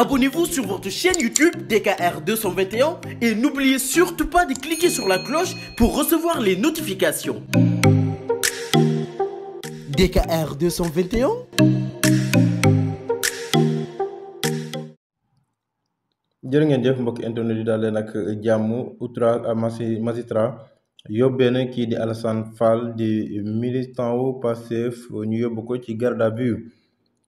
Abonnez-vous sur votre chaîne YouTube DKR 221 et n'oubliez surtout pas de cliquer sur la cloche pour recevoir les notifications. DKR 221. jërë ngeen jëf mbokk internet yi daal leen ak jàmm outrage à ah, magistrat yóbbee na kii di Alassane Fall di militant wu Pastef ñu yóbbu ko ci garde à vue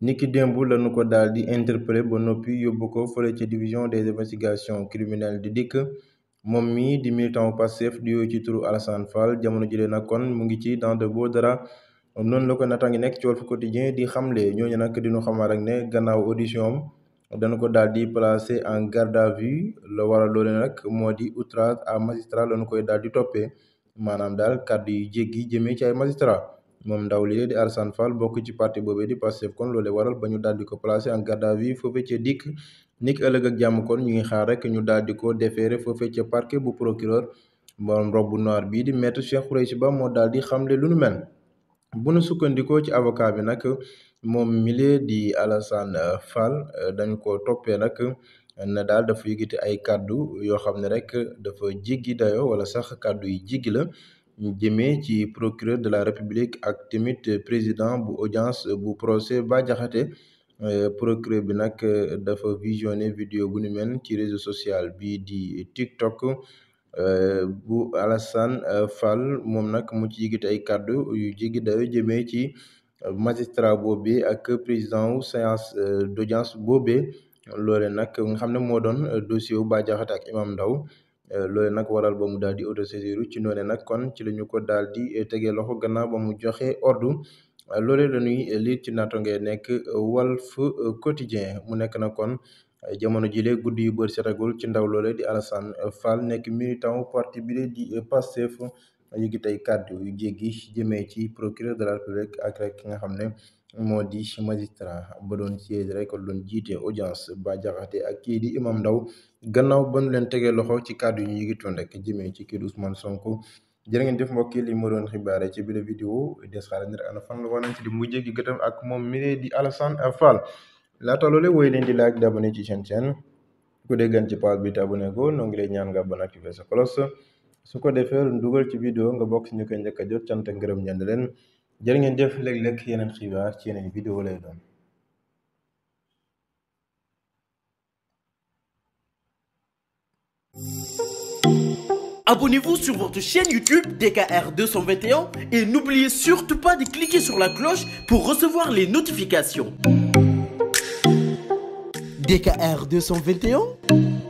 niki démb lañu ko daal di interpellé ba noppi yóbbu ko fole ci division des investigations criminelles di dikk moom mi di militant wu Pastef di yooyu ci turu Alassane Fall jamono jile nag kon mu ngi ci dans de beaux draps noonu la ko naataange nekk ci Walf Quotidien di xamle ñooñu nag di ñu xamal rek ne gannaaw audition am. dañu ko daal di placé en garde à vue la wara loole nag moo di outrage à magistrat lañu koy daal di toppee maanaam daal kàddu yu jéggi jëmee ci ay magistrat moom ndaw li di Alassane Fall bokk ci parti boobee di Pastef kon loolee waral ba ñu daal di ko placé en garde à vue foofee ca dikk nik ëllëg ak jàmm kon ñu ngi xaar rek ñu daldi di ko déféré foofee ca parquet bu procureur borom robu noir bii di maître Cheikh Khoureyssi Ba moo daal di xamle lu nu mel. bu nu sukkandikoo ci avocat bi nag moom milieu di Alassane Fall dañ ko toppee nag na daal dafa yëgite ay kàddu yoo xam ne rek dafa jiggi dayo wala sax kàddu yi jiggi la jëmee ci procureur de la république ak tamit président bu audience bu procès Bah Diakhaté euh, procureur bi nag euh, dafa visionné vidéo bu ni mel ci réseau social bi di TikTok euh, bu Alassane Fall moom nag mu ci yëkkati ay kàddu yu jéggi dayo jëmee ci magistrat boobe ak président wu séance d' boobe loole nag nga xam ne moo doon dossier wu Bah Diakhaté ak Imam Ndao Euh, loole nag waral ba mu daal di autosaisiru ci noone nag kon ci la ñu ko daal di eh, tege loxo gannaaw ba mu joxe ordre euh, loole lañuy eh, liir ci nattongee nekk Walf Quotidien mu nekk na kon eh, jamono jile guddi yu bër setagul ci ndaw loole di Alassane Fall nekk militant parti bile di Pastef yëgi tey kàddu yu jéggi jëmee ci procureur de la république ak rek ki nga xam ne moo di magistrat ba doon siège rek doon jiite audience ba jaxate ak kii di imam ndaw gannaaw ba nu leen tegee loxo ci kàddu yi ñu yëgitoon rek jëmee ci kii di Ousmane Sonko jërë ngeen jëf mbokk yi li ma doon xibaare ci biir vidéo des xaar ne ana fan la war nañ ci di mu jéggi gëtam ak moom mi di Alassane Fall laata loole woy leen di like di abonné ci chaîne chaîne ku déggan ci page bi te abonné ko noo ngi lay ñaan nga abonné sa cloche su ko defee dugal ci vidéo nga bokk si ñu koy njëkk jot cant ak ngërëm ñeent leen jërë ngeen jëf léeg-léeg yeneen xibaar ci yeneen vidéo lay doon. Abonnez-vous sur votre chaîne YouTube DKR et n'oubliez surtout pas de cliquer sur la cloche pour recevoir les notifications. DKR